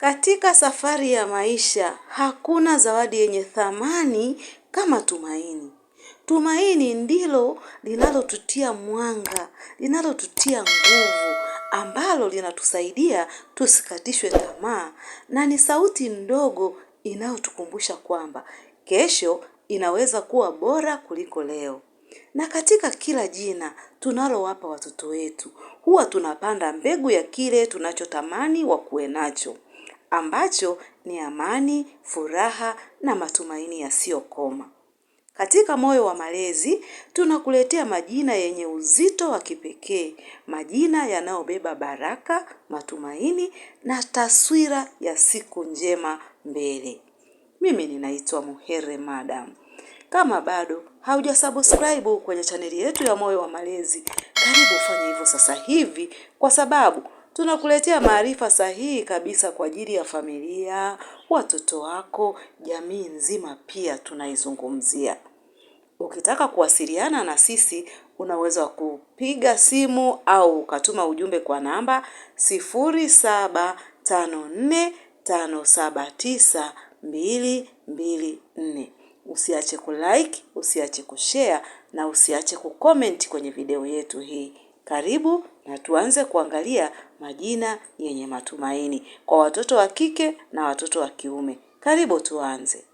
Katika safari ya maisha, hakuna zawadi yenye thamani kama tumaini. Tumaini ndilo linalotutia mwanga, linalotutia nguvu, ambalo linatusaidia tusikatishwe tamaa na ni sauti ndogo inayotukumbusha kwamba kesho inaweza kuwa bora kuliko leo. Na katika kila jina tunalowapa watoto wetu, huwa tunapanda mbegu ya kile tunachotamani wakuwe nacho ambacho ni amani, furaha na matumaini yasiyokoma. Katika Moyo wa Malezi tunakuletea majina yenye uzito wa kipekee, majina yanayobeba baraka, matumaini na taswira ya siku njema mbele. Mimi ninaitwa Muhere Madam. Kama bado haujasubscribe kwenye chaneli yetu ya Moyo wa Malezi, karibu ufanye hivyo sasa hivi kwa sababu Tunakuletea maarifa sahihi kabisa kwa ajili ya familia, watoto wako, jamii nzima pia tunaizungumzia. Ukitaka kuwasiliana na sisi, unaweza kupiga simu au ukatuma ujumbe kwa namba 0754579224. Usiache kulike, usiache kushare na usiache kucomment kwenye video yetu hii. Karibu na tuanze kuangalia majina yenye matumaini kwa watoto wa kike na watoto wa kiume. Karibu tuanze.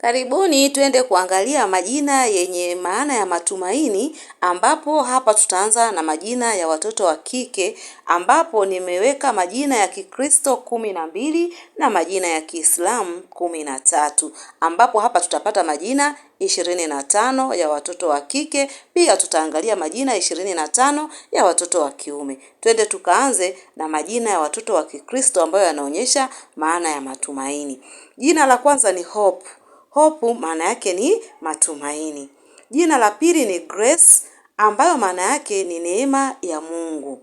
Karibuni twende kuangalia majina yenye maana ya matumaini, ambapo hapa tutaanza na majina ya watoto wa kike, ambapo nimeweka majina ya Kikristo kumi na mbili na majina ya Kiislamu kumi na tatu ambapo hapa tutapata majina ishirini na tano ya watoto wa kike, pia tutaangalia majina ishirini na tano ya watoto wa kiume. Twende tukaanze na majina ya watoto wa Kikristo ambayo yanaonyesha maana ya matumaini. Jina la kwanza ni Hope. Hope maana yake ni matumaini. Jina la pili ni Grace ambayo maana yake ni neema ya Mungu.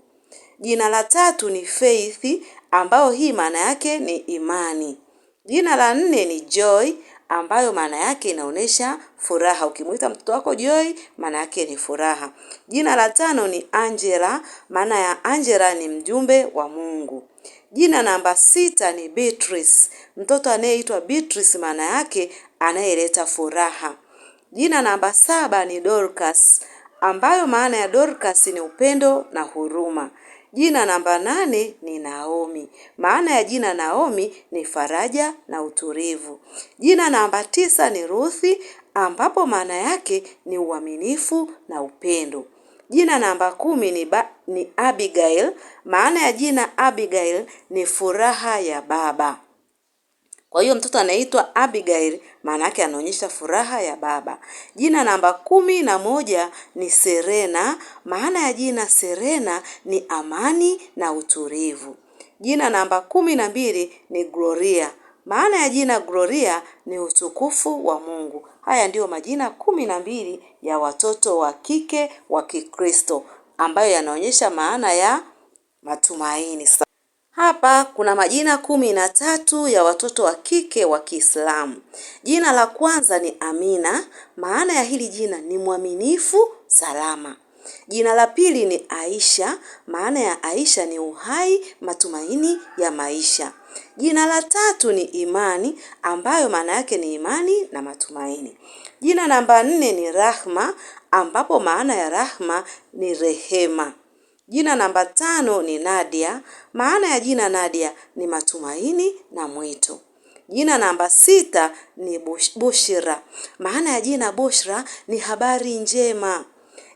Jina la tatu ni Faith ambayo hii maana yake ni imani. Jina la nne ni Joy ambayo maana yake inaonyesha furaha. Ukimuita mtoto wako Joy, maana yake ni furaha. Jina la tano ni Angela, maana ya Angela ni mjumbe wa Mungu. Jina namba sita ni Beatrice. Mtoto anayeitwa Beatrice maana yake anayeleta furaha. Jina namba saba ni Dorcas, ambayo maana ya Dorcas ni upendo na huruma. Jina namba nane ni Naomi. Maana ya jina Naomi ni faraja na utulivu. Jina namba tisa ni Ruthi, ambapo maana yake ni uaminifu na upendo. Jina namba kumi ni, ba, ni Abigail. Maana ya jina Abigail ni furaha ya baba. Kwa hiyo mtoto anaitwa Abigail, maana yake anaonyesha furaha ya baba. Jina namba kumi na moja ni Serena. Maana ya jina Serena ni amani na utulivu. Jina namba kumi na mbili ni Gloria. Maana ya jina Gloria ni utukufu wa Mungu. Haya ndiyo majina kumi na mbili ya watoto wa kike wa Kikristo ambayo yanaonyesha maana ya matumaini. Hapa kuna majina kumi na tatu ya watoto wa kike wa Kiislamu. Jina la kwanza ni Amina, maana ya hili jina ni mwaminifu, salama. Jina la pili ni Aisha, maana ya Aisha ni uhai, matumaini ya maisha. Jina la tatu ni Imani, ambayo maana yake ni imani na matumaini. Jina namba nne ni Rahma, ambapo maana ya Rahma ni rehema. Jina namba tano ni Nadia. Maana ya jina Nadia ni matumaini na mwito. Jina namba sita ni Bushra. Maana ya jina Bushra ni habari njema.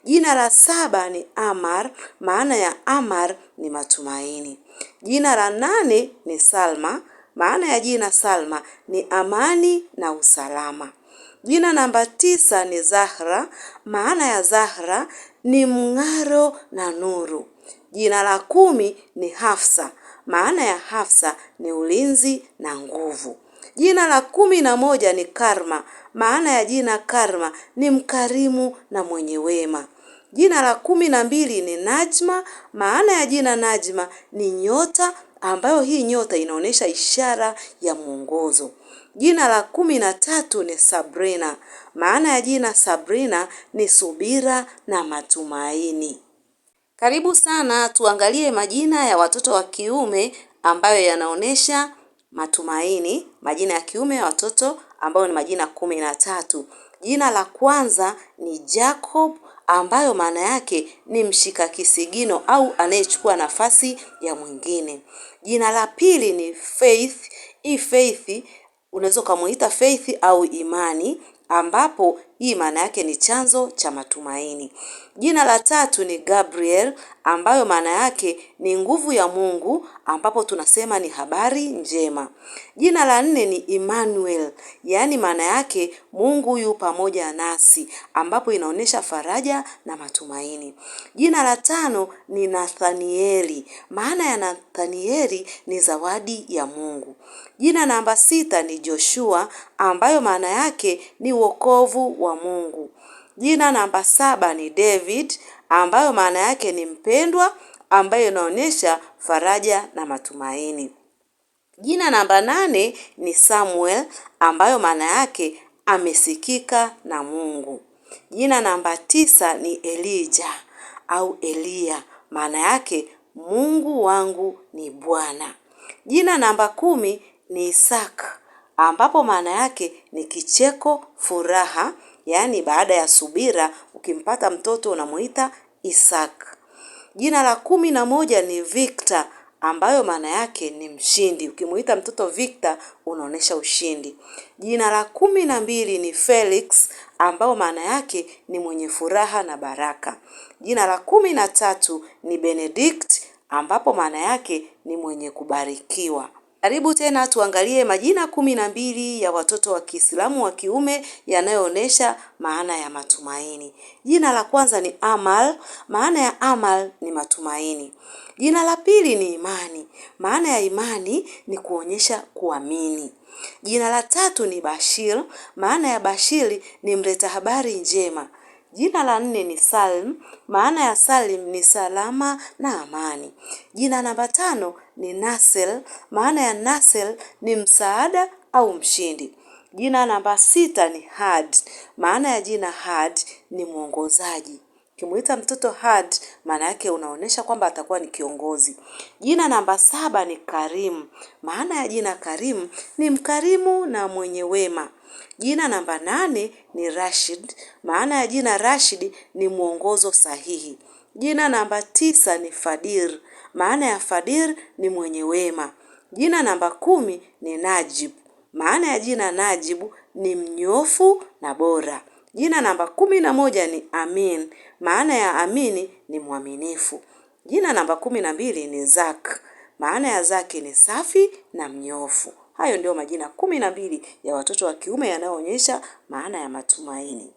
Jina la saba ni Amar. Maana ya Amar ni matumaini. Jina la nane ni Salma. Maana ya jina Salma ni amani na usalama. Jina namba tisa ni Zahra. Maana ya Zahra ni mng'aro na nuru. Jina la kumi ni Hafsa. Maana ya Hafsa ni ulinzi na nguvu. Jina la kumi na moja ni Karma. Maana ya jina Karma ni mkarimu na mwenye wema. Jina la kumi na mbili ni Najma. Maana ya jina Najma ni nyota, ambayo hii nyota inaonyesha ishara ya mwongozo. Jina la kumi na tatu ni Sabrina. Maana ya jina Sabrina ni subira na matumaini. Karibu sana tuangalie majina ya watoto wa kiume ambayo yanaonesha matumaini, majina ya kiume ya watoto ambayo ni majina kumi na tatu. Jina la kwanza ni Jacob ambayo maana yake ni mshika kisigino au anayechukua nafasi ya mwingine. Jina la pili ni Faith. Hii Faith unaweza ukamuita faith au imani ambapo hii maana yake ni chanzo cha matumaini. Jina la tatu ni Gabriel ambayo maana yake ni nguvu ya Mungu ambapo tunasema ni habari njema. Jina la nne ni Emmanuel, yaani maana yake Mungu yu pamoja nasi ambapo inaonyesha faraja na matumaini. Jina la tano ni Nathanieli. Maana ya Nathanieli ni zawadi ya Mungu. Jina namba sita ni Joshua ambayo maana yake ni wokovu wa wa Mungu. Jina namba saba ni David ambayo maana yake ni mpendwa, ambayo inaonyesha faraja na matumaini. Jina namba nane ni Samuel ambayo maana yake amesikika na Mungu. Jina namba tisa ni Elijah au Eliya, maana yake Mungu wangu ni Bwana. Jina namba kumi ni Isaka ambapo maana yake ni kicheko, furaha Yaani baada ya subira, ukimpata mtoto unamuita Isaac. Jina la kumi na moja ni Victor ambayo maana yake ni mshindi. Ukimuita mtoto Victor unaonesha ushindi. Jina la kumi na mbili ni Felix ambayo maana yake ni mwenye furaha na baraka. Jina la kumi na tatu ni Benedict ambapo maana yake ni mwenye kubarikiwa. Karibu tena tuangalie majina kumi na mbili ya watoto wa Kiislamu wa kiume yanayoonesha maana ya matumaini. Jina la kwanza ni Amal, maana ya Amal ni matumaini. Jina la pili ni Imani, maana ya imani ni kuonyesha kuamini. Jina la tatu ni Bashir, maana ya Bashiri ni mleta habari njema. Jina la nne ni Salim, maana ya Salim ni salama na amani. Jina namba tano ni Nasel, maana ya Nasel ni msaada au mshindi. Jina namba sita ni Had, maana ya jina Had ni mwongozaji. Ukimuita mtoto Hadi, maana yake unaonyesha kwamba atakuwa ni kiongozi. Jina namba saba ni Karimu. Maana ya jina Karimu ni mkarimu na mwenye wema. Jina namba nane ni Rashid. Maana ya jina Rashid ni mwongozo sahihi. Jina namba tisa ni Fadir. Maana ya Fadir ni mwenye wema. Jina namba kumi ni Najib. Maana ya jina Najibu ni mnyofu na bora. Jina namba kumi na moja ni Amin. Maana ya amini ni mwaminifu. Jina namba kumi na mbili ni Zak. Maana ya Zaki ni safi na mnyofu. Hayo ndio majina kumi na mbili ya watoto wa kiume yanayoonyesha maana ya matumaini.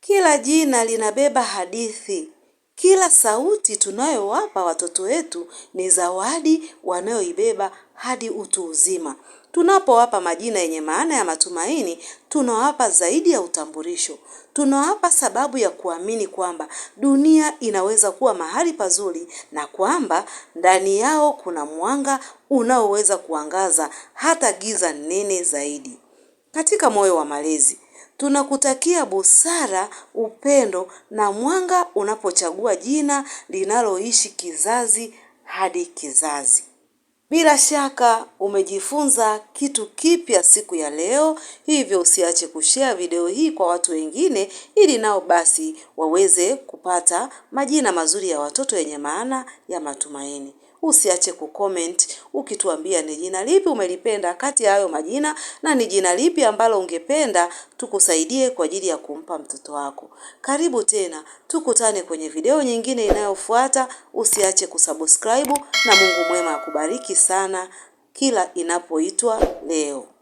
Kila jina linabeba hadithi. Kila sauti tunayowapa watoto wetu ni zawadi wanayoibeba hadi utu uzima. Tunapowapa majina yenye maana ya matumaini, tunawapa zaidi ya utambulisho. Tunawapa sababu ya kuamini kwamba dunia inaweza kuwa mahali pazuri na kwamba ndani yao kuna mwanga unaoweza kuangaza hata giza nene zaidi. Katika moyo wa malezi, tunakutakia busara, upendo na mwanga unapochagua jina linaloishi kizazi hadi kizazi. Bila shaka umejifunza kitu kipya siku ya leo, hivyo usiache kushare video hii kwa watu wengine ili nao basi waweze kupata majina mazuri ya watoto yenye maana ya matumaini usiache kucomment ukituambia ni jina lipi umelipenda kati ya hayo majina na ni jina lipi ambalo ungependa tukusaidie kwa ajili ya kumpa mtoto wako. Karibu tena, tukutane kwenye video nyingine inayofuata. Usiache kusubscribe na Mungu mwema akubariki sana kila inapoitwa leo.